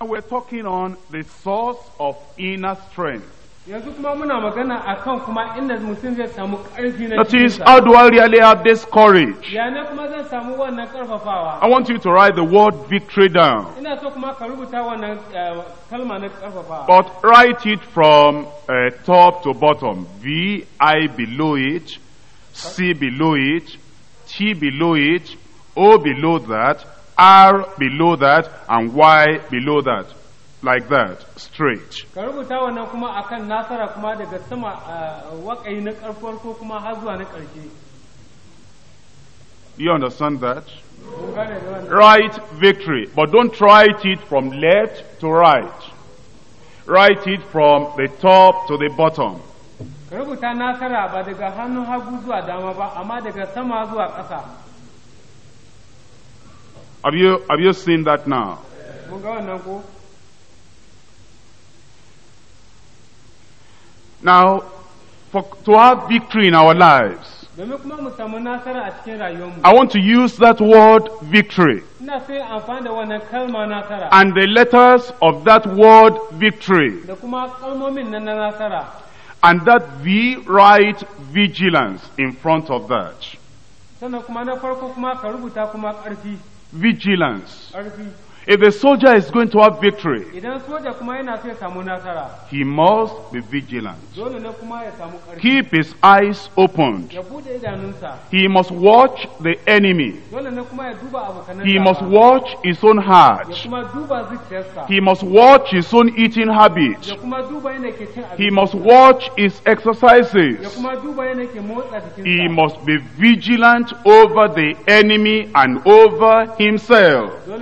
We're talking on the source of inner strength. That is, how do I really have this courage? I want you to write the word victory down. Eh, but write it from uh, top to bottom. V, I below it, C below it, T below it, O below that, R below that and Y below that. Like that, straight. Ka rubuta wannan kuma akan nasara kuma daga sama waƙayi na ƙarfar ko kuma har na ƙarshe. You understand that? Write victory, but don't write it from left to right. Write it from the top to the bottom. Ka rubuta nasara ba daga hannun hagu zuwa dama ba, amma daga sama zuwa ƙasa. Have you, have you seen that now? Now, for, to have victory in our lives, I want to use that word victory and the letters of that word victory and that V right vigilance in front of that vigilance. If a soldier is going to have victory, he must be vigilant. Keep his eyes opened. He must watch the enemy. He must watch his own heart. He must watch his own eating habits. He must watch his exercises. He must be vigilant over the enemy and over himself. and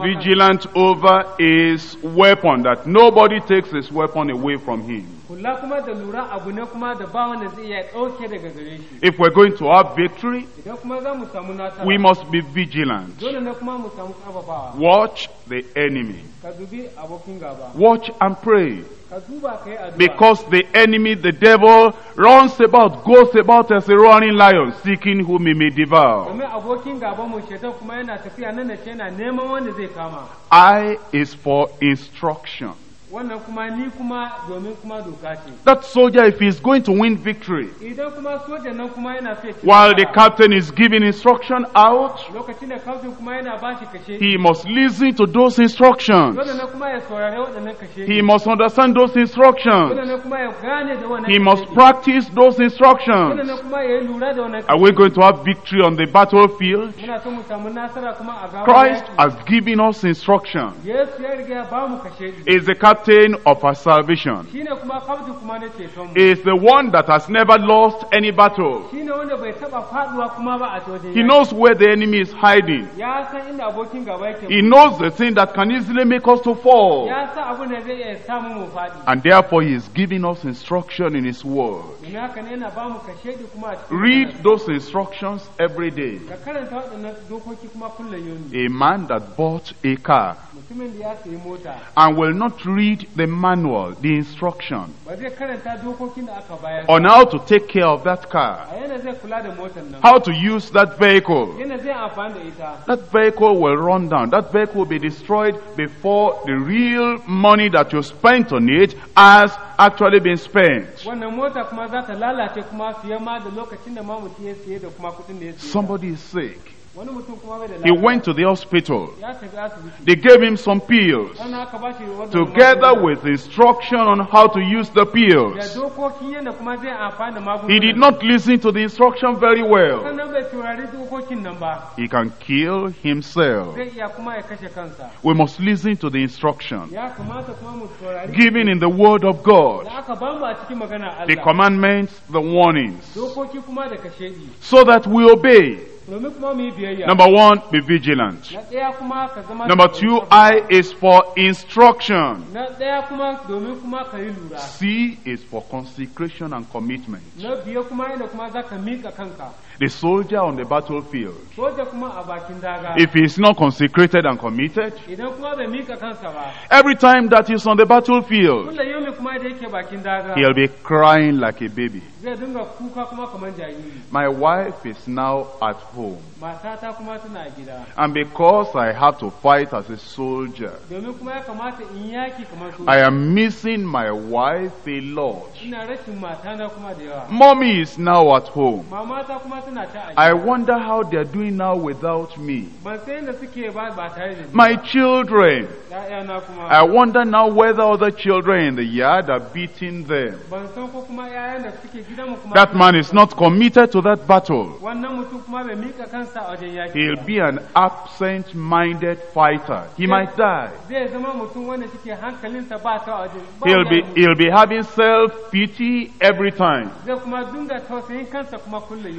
vigilant over his weapon that nobody takes his weapon away from him. If we're going to have victory, we must be vigilant. Watch the enemy. Watch and pray. Because the enemy, the devil, runs about, goes about as a running lion, seeking whom he may devour. I is for instruction. That soldier, if he's going to win victory, while the captain is giving instruction out, he must listen to those instructions. He must understand those instructions. He must practice those instructions. Are we going to have victory on the battlefield? Christ has given us instruction. Is the captain captain of our salvation. Is the one that has never lost any battle. He knows where the enemy is hiding. He knows the thing that can easily make us to fall. And therefore he is giving us instruction in his word. Read those instructions every day. A man that bought a car and will not read the manual, the instruction on how to take care of that car, how to use that vehicle, that vehicle will run down. That vehicle will be destroyed before the real money that you spent on it as actually been spent. Somebody is sick. He went to the hospital. They gave him some pills together with instruction on how to use the pills. He did not listen to the instruction very well. He can kill himself. We must listen to the instruction given in the Word of God, the commandments, the warnings, so that we obey. Number one, be vigilant. Number two, I is for instruction. C is for consecration and commitment. the soldier on the battlefield, if he is not consecrated and committed, every time that he's on the battlefield, he'll be crying like a baby. My wife is now at home. And because I have to fight as a soldier, I am missing my wife a lot. Mommy is now at home. I wonder how they are doing now without me. My children. I wonder now whether other children in the yard are beating them. That man is not committed to that battle. He'll be an absent minded fighter. He might die. He'll be, he'll be having self pity every time.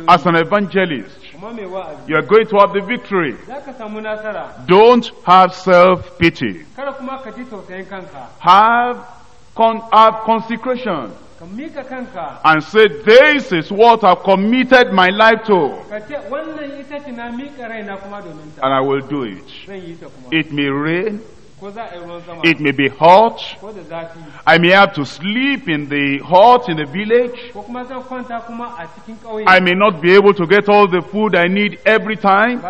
As an evangelist, you are going to have the victory. Don't have self pity. Have, con have consecration. And say, This is what I've committed my life to. And I will do it. It may rain, um, it may be hot. I may have to sleep in the hut in the village. I may not be able to get all the food I need every time.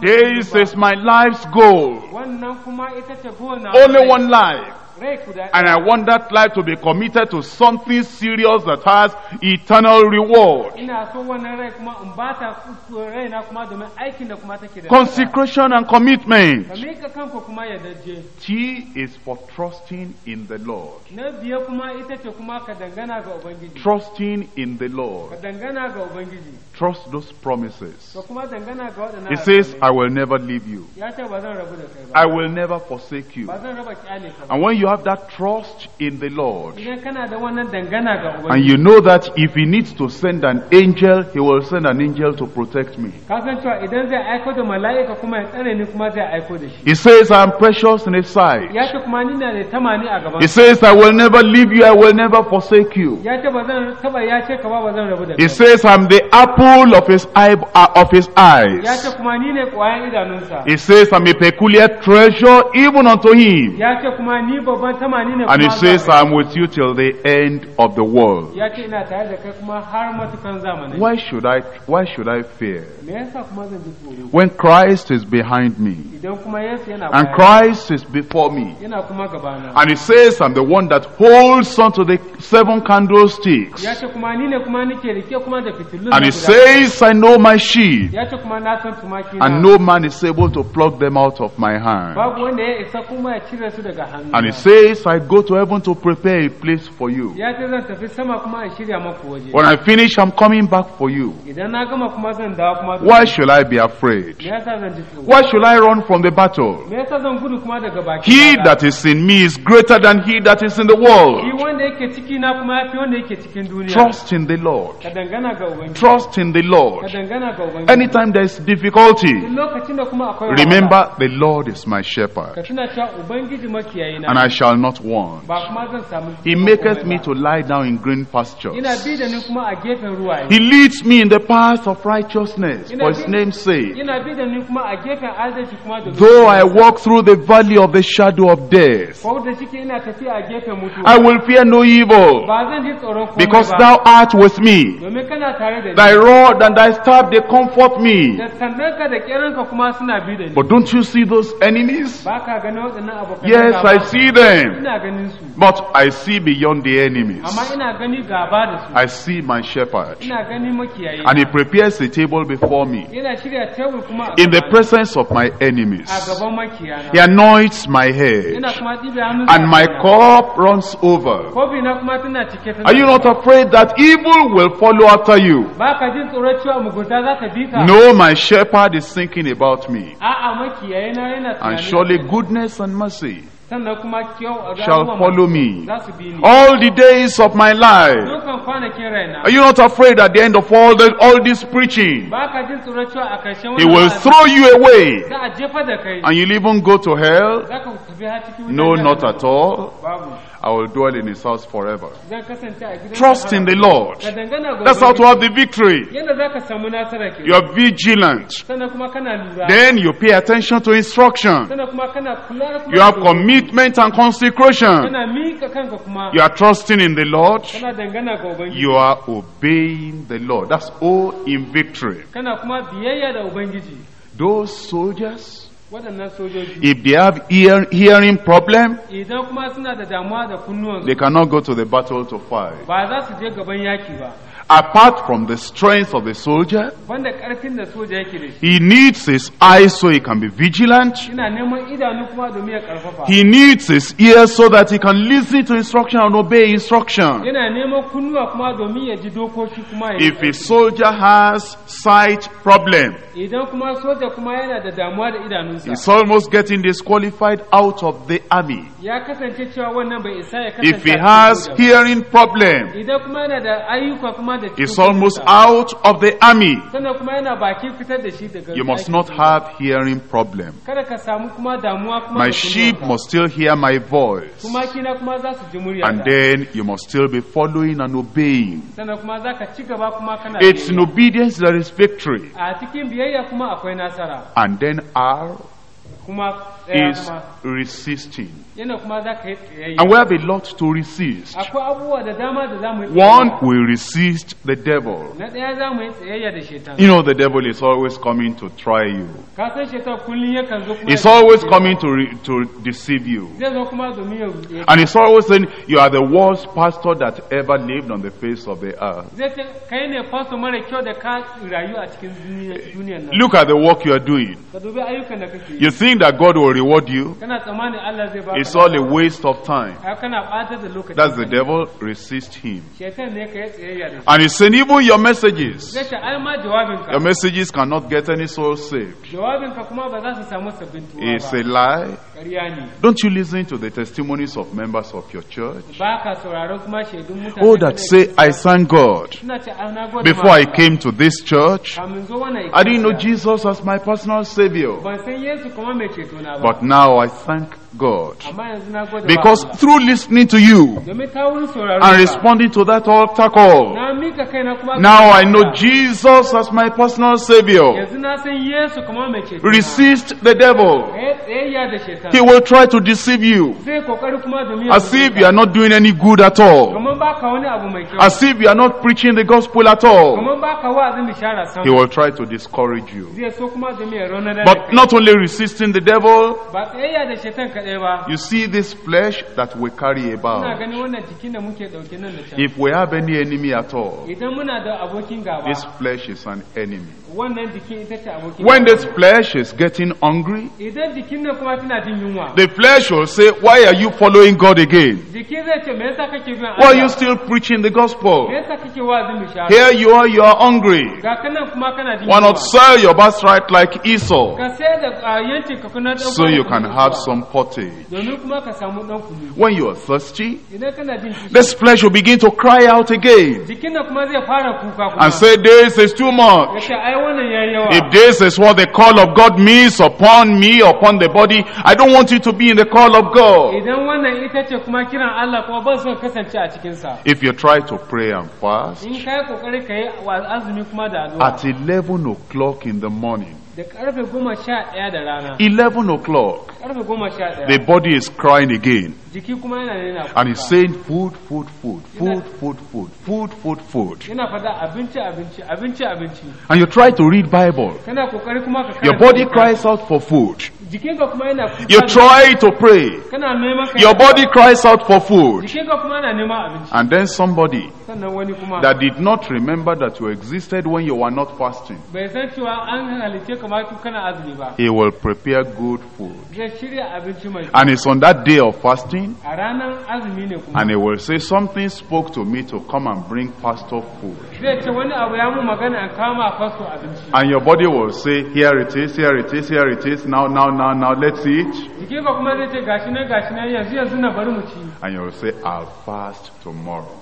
This is my life's goal. Only one life. And I want that life to be committed to something serious that has eternal reward. Consecration and commitment. T is for trusting in the Lord. Trusting in the Lord. Trust those promises. He says, I will never leave you. I will never forsake you. And when you have that trust in the Lord. And you know that if He needs to send an angel, He will send an angel to protect me. He says, I am precious in His sight. He says, I will never leave you, I will never forsake you. He says, I am the apple of His, eye, uh, of his eyes. He says, I am a peculiar treasure even unto Him. And he says, I'm with you till the end of the world. Why should I, why should I fear? When Christ is behind me, and Christ is before me, and he says, I'm the one that holds on to the seven candlesticks, and he says, I know my sheep, and no man is able to pluck them out of my hand. And he says, I go to heaven to prepare a place for you. When I finish, I'm coming back for you. Why should I be afraid? Why should I run from the battle? He that is in me is greater than he that is in the world. Trust in the Lord. Trust in the Lord. Anytime there is difficulty, remember the Lord is my shepherd. And I shall not want. He maketh me to lie down in green pastures. He leads me in the paths of righteousness for his name's sake. Though I walk through the valley of the shadow of death, I will fear no evil because thou art with me. Thy rod and thy staff, they comfort me. But don't you see those enemies? Yes, I see them them. But I see beyond the enemies. I see my shepherd. And he prepares a table before me in the presence of my enemies. Ah, he anoints my head, and my cup runs over. Are you not afraid that evil will follow after you? No, my shepherd is thinking about me. Ah, ah, and surely goodness and mercy Uh, shall follow me all the days of my life. Are you not afraid at the end of all, the, all this preaching? He will throw you away and you'll even go to hell? No, not at all. I will dwell in his house forever. Trust in the Lord. That's how to have the victory. You are vigilant. Then you pay attention to instruction. You have commitment and consecration. You are trusting in the Lord. You are obeying the Lord. That's all in victory. Those soldiers waɗannan sojoji if they have ear, hearing problem idan kuma suna da damuwa da they cannot go to the battle to fight ba za su je gaban ba apart from the strength of the soldier, he needs his eyes so he can be vigilant. He needs his ears so that he can listen to instruction and obey instruction. If a soldier has sight problem, he's almost getting disqualified out of the army. If he has hearing problem, is almost out of the army. You must not have hearing problem. My sheep must still hear my voice. And then you must still be following and obeying. It's in obedience that is victory. And then R eh, is resisting. And we have a lot to resist. One, we resist the devil. You know, the devil is always coming to try you, he's always coming to, to deceive you. And he's always saying, You are the worst pastor that ever lived on the face of the earth. Look at the work you are doing. You think that God will reward you? It's all a waste of time. That's the devil. Resist him. And he's saying, even your messages, your messages cannot get any soul saved. It's a lie. Don't you listen to the testimonies of members of your church? Oh, that say, I thank God. Before I came to this church, I didn't know Jesus as my personal Savior. But now I thank God. Because through listening to you and responding to that altar call, now I know Jesus as my personal Savior. Resist the devil. He will try to deceive you as if you are not doing any good at all, as if you are not preaching the gospel at all. He will try to discourage you. But not only resisting the devil, you see this flesh that we carry about. If we have any enemy at all, This flesh is an enemy. When this flesh is getting hungry, The flesh will say, "Why are you following God again? Why are you still preaching the gospel? Here you are, you are hungry. Why not sell your birthright like Esau? Uh, so you can have some pot salty. When you are thirsty, this flesh will begin to cry out again and say, This is too much. If this is what the call of God means upon me, upon the body, I don't want you to be in the call of God. If you try to pray and fast at 11 o'clock in the morning, 11 o'clock the body is crying again and he's saying food, food, food, food, food, food, food, food, food. And you try to read Bible. Your body cries out for food. You try to pray. Your body cries out for food. And then somebody that did not remember that you existed when you were not fasting. He will prepare good food. And it's on that day of fasting and he will say, Something spoke to me to come and bring pastor food. And your body will say, Here it is, here it is, here it is, now, now, now, now, let's eat. And you will say, I'll fast tomorrow.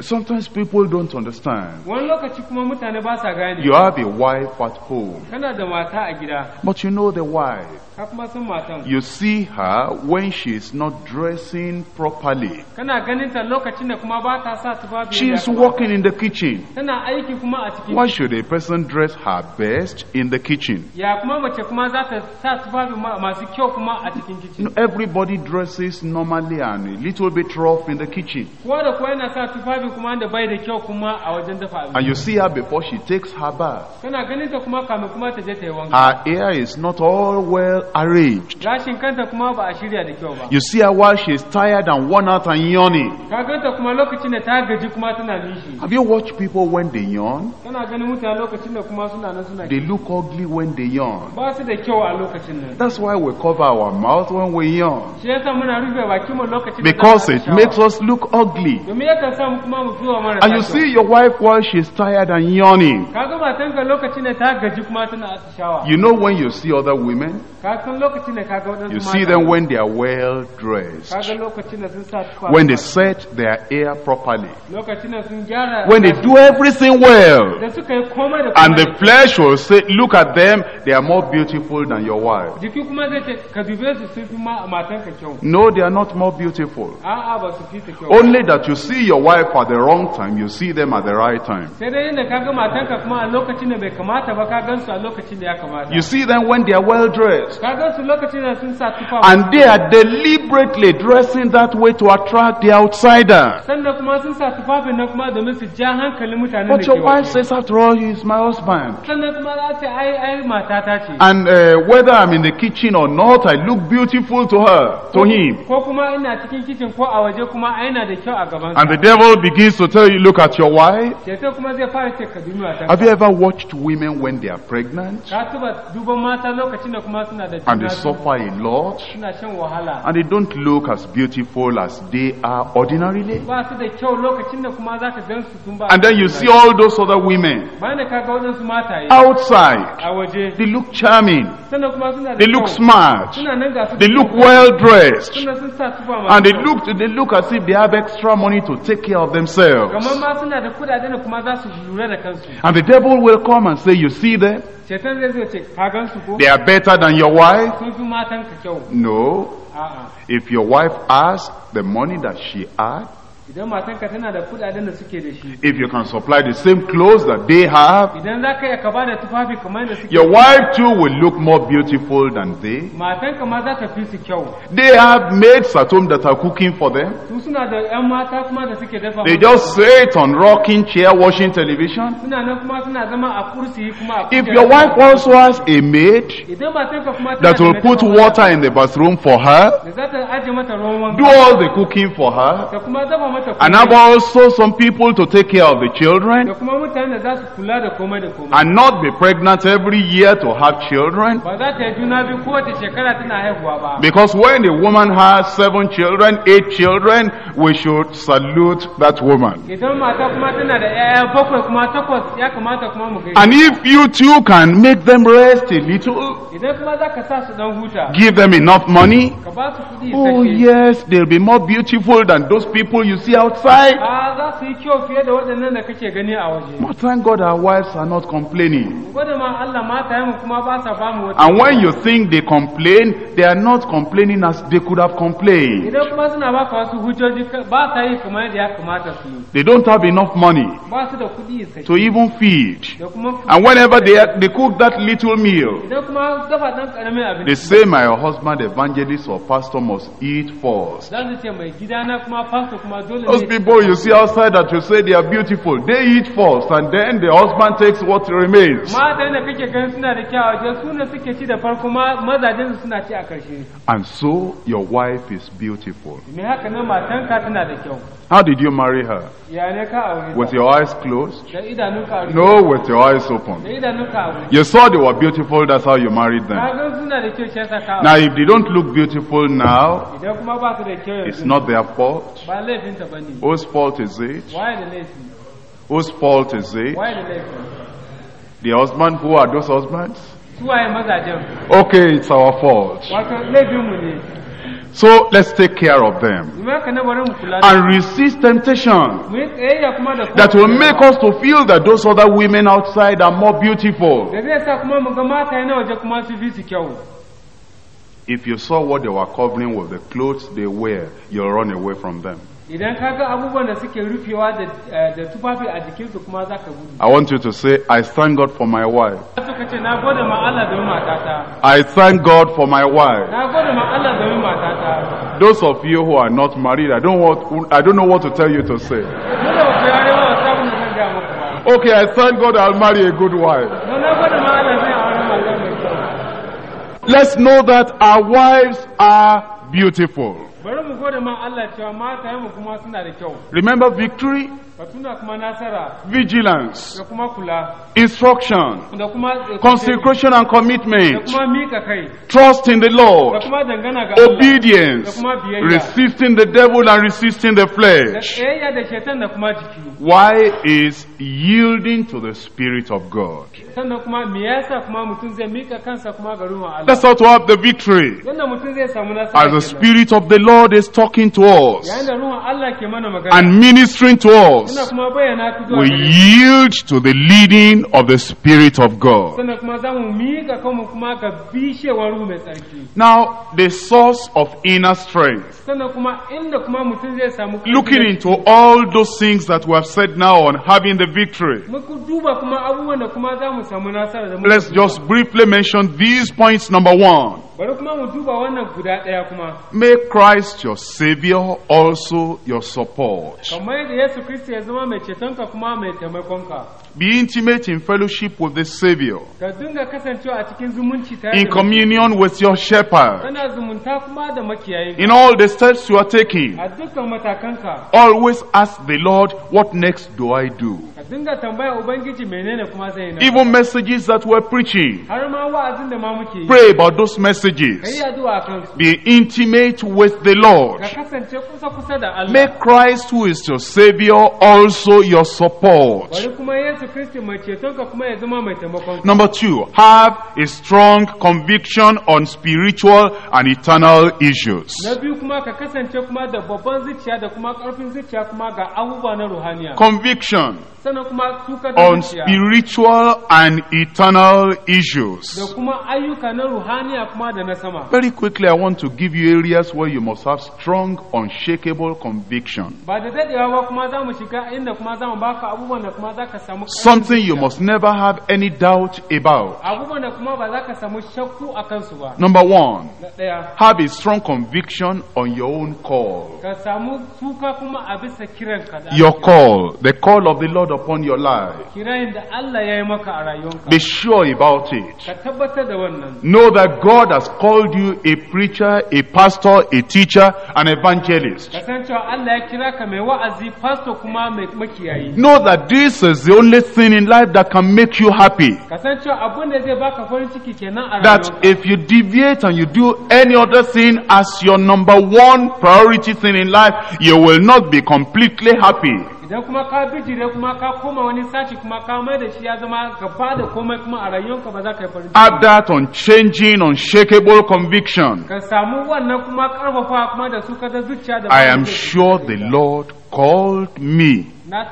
Sometimes people don't understand. You have a wife at home. But you know the wife. You see her when she is not dressing properly. She is working in the kitchen. Why should a person dress her best in the kitchen? everybody dresses normally and a little bit rough in the kitchen. And you see her before she takes her bath. Her hair is not all well arranged. You see her while she is tired and worn out and yawning. Have you watched people when they yawn? They look ugly when they yawn. That's why we cover our mouth when we yawn. Because it makes us look ugly. And you see your wife while she's tired and yawning. You know when you see other women, you see them when they are well dressed, when they set their hair properly, when they do everything well, and the flesh will say, Look at them, they are more beautiful than your wife. No, they are not more beautiful. Ah, ah, Only that you see your wife at the wrong time, you see them at the right time. You see them when they are well dressed. And they are deliberately dressing that way to attract the outsider. But your wife says, after all, he is my husband. And uh, whether I'm in the kitchen or not, I look beautiful to her, to him. And the The devil begins to tell you, look at your wife. Have you ever watched women when they are pregnant? And they suffer a lot. And they don't look as beautiful as they are ordinarily. And then you see all those other women outside. They look charming. They look smart. They look well dressed. And they look, they look as if they have extra money to take care of themselves. And the devil will come and say, You see them? They are better than your wife. No. If your wife has the money that she had, idan matanka tana da kudaden da suke da shi if you can supply the same clothes that they have idan zaka iya ka tufafi kamar da suke your wife too will look more beautiful than they matanka ma za ta fi su kyau they have maids at home that are cooking for them su suna da yan mata kuma da suke dafa they just sit on rocking chair watching television suna nan kuma suna zama a kursi kuma a if your wife also has a maid idan matanka kuma that will put water in the bathroom for her da za ta aje mata ruwan wanka do all the cooking for her ta kuma dafa And now also some people to take care of the children. And not be pregnant every year to have children. Because when a woman has seven children, eight children, we should salute that woman. Eh, eh, and if you too can make them rest a little, give them enough money. Oh yes, they'll be more beautiful than those people you see see outside. Ah, but thank God our wives are not complaining. And when you think they complain, they are not complaining as they could have complained. They don't have enough money to even feed. And whenever they, are, they cook that little meal, they say, My husband, evangelist, or pastor must eat first. Those people you see outside that you say they are beautiful, they eat first and then the husband takes what remains. And so your wife is beautiful. How did you marry her? With your eyes closed? No, with your eyes open. You saw they were beautiful, that's how you married them. Now, if they don't look beautiful now, it's not their fault. Whose fault is it? Whose fault is it? The husband, who are those husbands? Okay, it's our fault. So let's take care of them and resist temptation that will make us to feel that those other women outside are more beautiful. If you saw what they were covering with the clothes they wear, you'll run away from them idan abubuwan da suke rufewa da eh, tufafi a kuma gudu I want you to say I thank God for my wife na gode ma Allah matata I thank God for my wife na gode ma Allah matata Those of you who are not married I don't want I don't know what to tell you to say Okay I thank God I'll marry a good wife Let's know that our wives are beautiful Remember victory vigilance, instruction, eh, consecration and commitment, trust in the Lord, obedience, resisting the devil and resisting the flesh. Why is yielding to the Spirit of God? That's how to have the victory. As the Spirit of the Lord is talking to us and ministering to us us we yield to the leading of the Spirit of God. Now, the source of inner strength. Looking into all those things that we have said now on having the victory. Let's just briefly mention these points. Number one. May Christ your Savior, also your support. Be intimate in fellowship with the Savior. In communion with your shepherd. In all the steps you are taking, always ask the Lord, What next do I do? Even messages that we're preaching, pray about those messages. Be intimate with the Lord. Make Christ, who is your Savior, also your support. Number two, have a strong conviction on spiritual and eternal issues. Conviction. on spiritual and eternal issues. Very quickly, I want to give you areas where you must have strong, unshakable conviction. Something you must never have any doubt about. Number one, have a strong conviction on your own call. Your call, the call of the Lord of upon your life. Be sure about it. Know that God has called you a preacher, a pastor, a teacher, an evangelist. Know that this is the only thing in life that can make you happy. That if you deviate and you do any other thing as your number one priority thing in life, you will not be completely happy. idan kuma ka bijire kuma ka koma wani sashi kuma ka mai da shi ya zama gaba da komai kuma a rayuwarka ba za ka yi farin ciki add that on unshakable conviction ka samu wannan kuma karfafa kuma da su ka da zuciya da I am sure the Lord called me And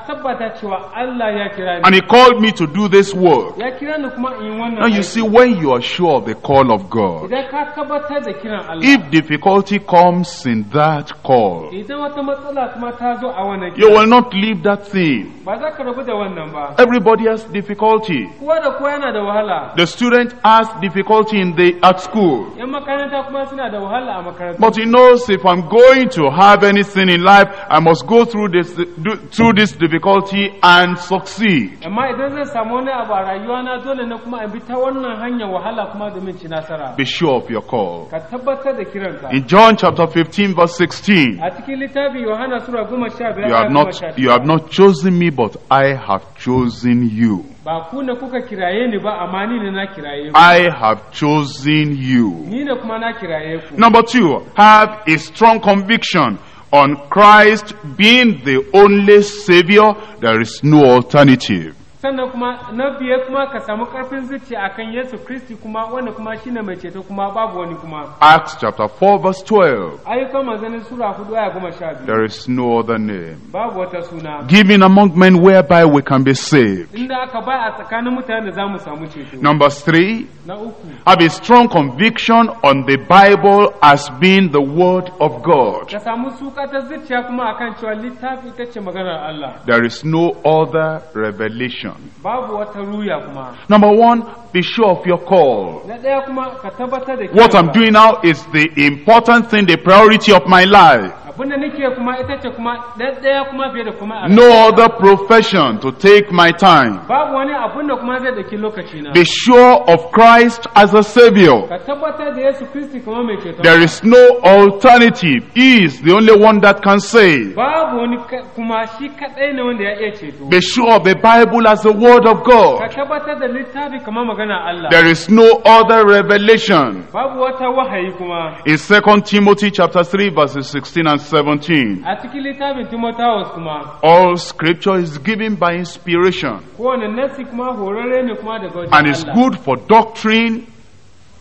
he called me to do this work. Now you see, when you are sure of the call of God, if difficulty comes in that call, you will not leave that thing. Everybody has difficulty. The student has difficulty in the at school. But he knows if I'm going to have anything in life, I must go through this through this this difficulty and succeed. Be sure of your call. In John chapter 15 verse 16, you have not, you have not chosen me but I have chosen you. I have chosen you. Number two, have a strong conviction on Christ being the only Savior, there is no alternative sannan kuma na biye kuma ka samu karfin zuciya akan Yesu Kristi kuma wanda kuma shine mai ceto kuma babu wani kuma Acts chapter 4 verse 12 Ayyukan manzanin sura 4 aya 12 There is no other name babu wata suna given among men whereby we can be saved Inda aka ba a tsakanin mutane da zamu samu ceto Number 3 Na uku Have a strong conviction on the Bible as being the word of God Ka samu suka ta zuciya kuma akan cewa littafi ita ce maganar Allah There is no other revelation Number one, be sure of your call. What I'm doing now is the important thing, the priority of my life. No other profession to take my time. Be sure of Christ as a Savior. There is no alternative. He is the only one that can save. Be sure of the Bible as the Word of God. There is no other revelation. In second Timothy chapter 3 verses 16 and 17. All scripture is given by inspiration. And is good for doctrine,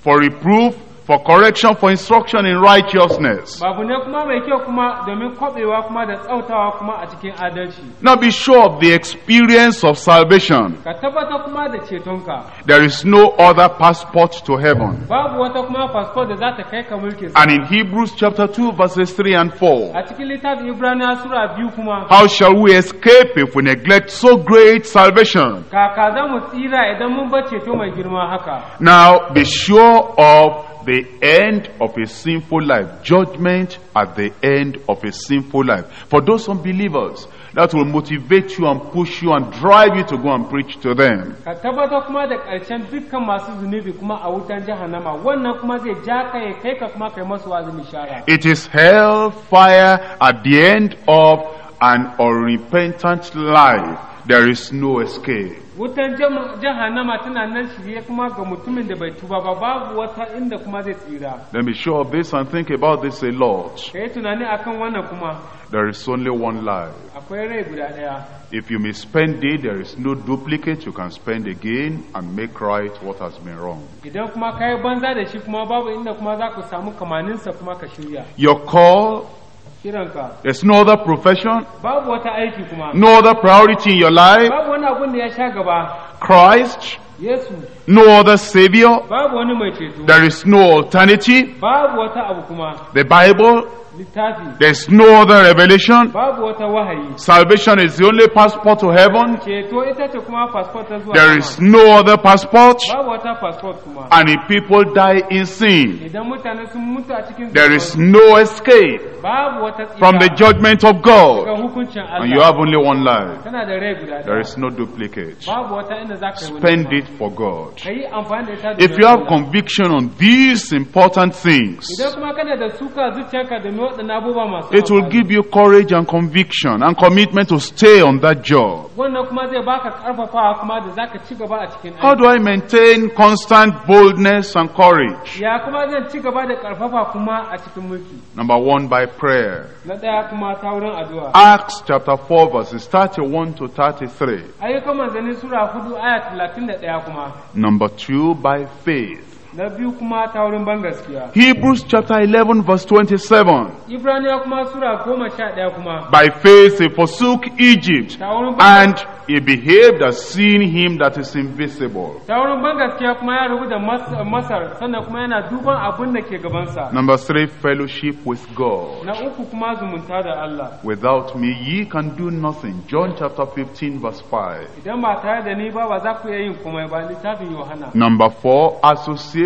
for reproof, for correction for instruction in righteousness. Babu ne kuma mai kyau kuma domin kwatsewa kuma da tsautawa kuma a cikin adalci. Now be sure of the experience of salvation. Ka tabbatar kuma da cetonka. There is no other passport to heaven. Babu wata kuma passport da za ta kai ka mulkin And in Hebrews chapter 2 verses 3 and 4. A cikin littafin Ibraniya sura 2 kuma. How shall we escape if we neglect so great salvation? Kaka za mu tsira idan mun bar ceto mai girma haka. Now be sure of the end of a sinful life. Judgment at the end of a sinful life. For those unbelievers, that will motivate you and push you and drive you to go and preach to them. It is hell fire at the end of an unrepentant life. there is no escape wutan jahannama tana nan shirye kuma ga mutumin da bai tuba ba babu wata inda kuma zai tsira let me show up this and think about this a lot kai tunani akan wannan kuma there is only one life akwai rai guda daya if you may spend it there is no duplicate you can spend again and make right what has been wrong idan kuma kai banza da shi kuma babu inda kuma za ku samu kamaninsa kuma ka shirya your call There's no other profession, no other priority in your life. Christ, Yesu. no other Savior. There is no alternative. The Bible there's no other revelation. Salvation is the only passport to heaven. There is no other passport. And if people die in sin, there is no escape from the judgment of God. And you have only one life. There is no duplicate. Spend it for God. If you have conviction on these important things, It will give you courage and conviction and commitment to stay on that job. How do I maintain constant boldness and courage? Number one, by prayer. Acts chapter 4, verses 31 to 33. Number two, by faith. Na biyu kuma ta wurin ban gaskiya. Hebrews chapter 11 kuma sura goma sha ɗaya kuma. By faith he forsook Egypt and he behaved as seeing him that is invisible. Ta wurin ban gaskiya kuma ya rubuta Masar sannan kuma yana duban abun da ke gabansa. Number three, fellowship with God. Na uku kuma zumunta da Allah. Without me ye can do nothing. John chapter 15 verse 5. Idan ba tare da ni ba ba za ku iya yin komai ba littafin Yohana. Number four, associate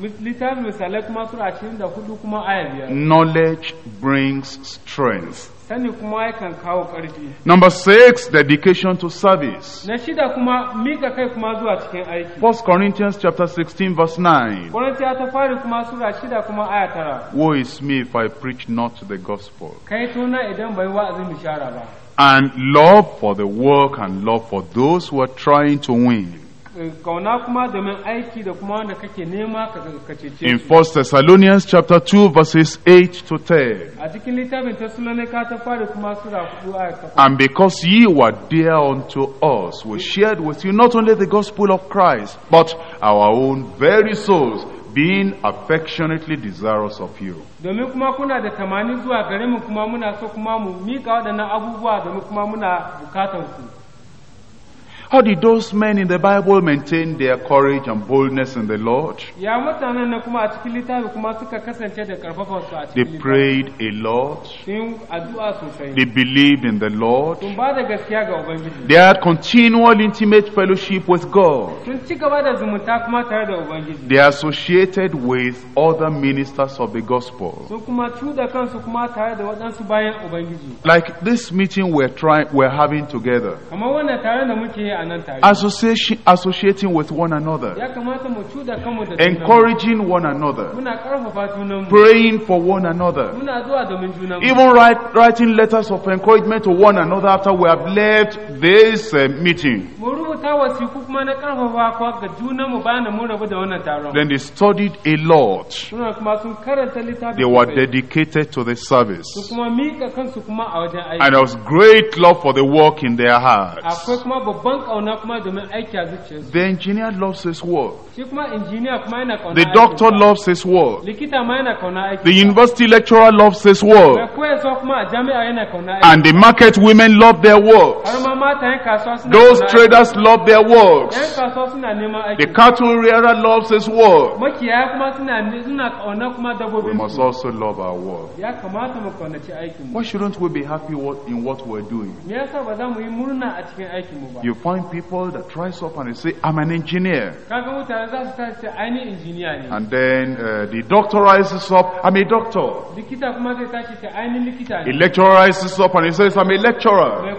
littafin misalai kuma kuma aya biyar knowledge brings strength sani kuma yakan kawo ƙarfi number 6 dedication to service na shida kuma mika kai kuma zuwa cikin aiki Corinthians chapter 16 verse 9 Korintiya ta fari kuma sura shida kuma aya tara woe is me if I preach not the gospel kai tona idan bai wa'azin bishara ba and love for the work and love for those who are trying to win kauna kuma domin In 1 Thessalonians chapter 2 verses 8 to 10. And because ye were dear unto us, we shared with you not only the gospel of Christ, but our own very souls, being affectionately desirous of you. Domin kuma kuna da tamani zuwa gare mu kuma muna so kuma mu mika waɗannan abubuwa domin kuma muna bukatan ku. How did those men in the Bible maintain their courage and boldness in the Lord? Ya mutanen nan kuma a cikin littafi kuma suka kasance da karfafar su a cikin They prayed a lot. Sun addu'a sosai. They believed in the Lord. Sun gaskiya ga Ubangiji. They had continual intimate fellowship with God. Sun da zumunta kuma tare da Ubangiji. They associated with other ministers of the gospel. Sun kuma kansu kuma tare da bayan Ubangiji. Like this meeting we're trying we're having together. Kamar wannan taron da muke yi Association, associating with one another, encouraging one another, praying for one another, even write, writing letters of encouragement to one another after we have left this uh, meeting. Then they studied a lot. They were dedicated to the service. And there was great love for the work in their hearts. The engineer loves his work. The doctor loves his work. The university lecturer loves his work. And the market women love their work. Those traders love their work. The cattle rearer loves his work. We must also love our work. Why shouldn't we be happy in what we're doing? You find people that dress up and they say, I'm an engineer. And then uh, the doctor rises up, I'm a doctor. The lecturer rises up and he says, I'm a lecturer.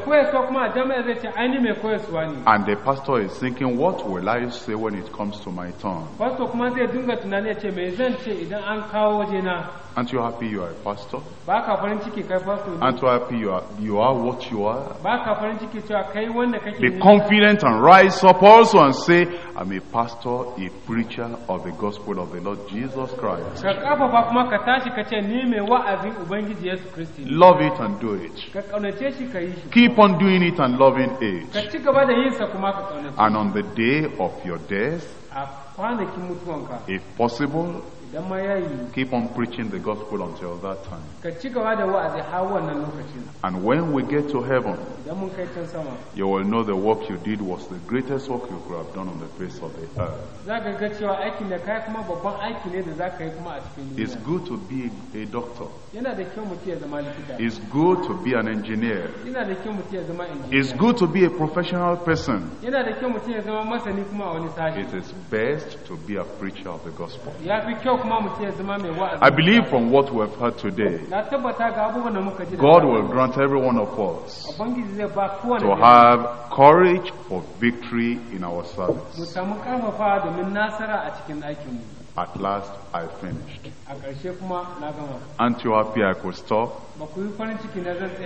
And the pastor is thinking, What will I say when it comes to my turn? Aren't you happy you are a pastor? Aren't you happy you are, you are what you are? Be confident confident and rise up also and say, I'm a pastor, a preacher of the gospel of the Lord Jesus Christ. Love it and do it. Keep on doing it and loving it. And on the day of your death, if possible, keep on preaching the gospel until that time and when we get to heaven you will know the work you did was the greatest work you could have done on the face of the earth it's good to be a doctor it's good to be an engineer it's good to be a professional person it is best to be a preacher of the gospel I believe from what we have heard today, God will grant every one of us to have courage for victory in our service. At last I finished. Aren't you happy I could stop?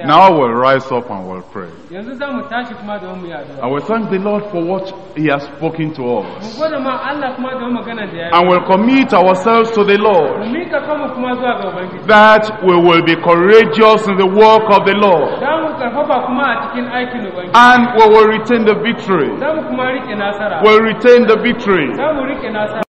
Now we'll rise up and we'll pray. I will thank the Lord for what He has spoken to us. And we'll commit ourselves to the Lord that we will be courageous in the work of the Lord. And we will retain the victory. We'll retain the victory.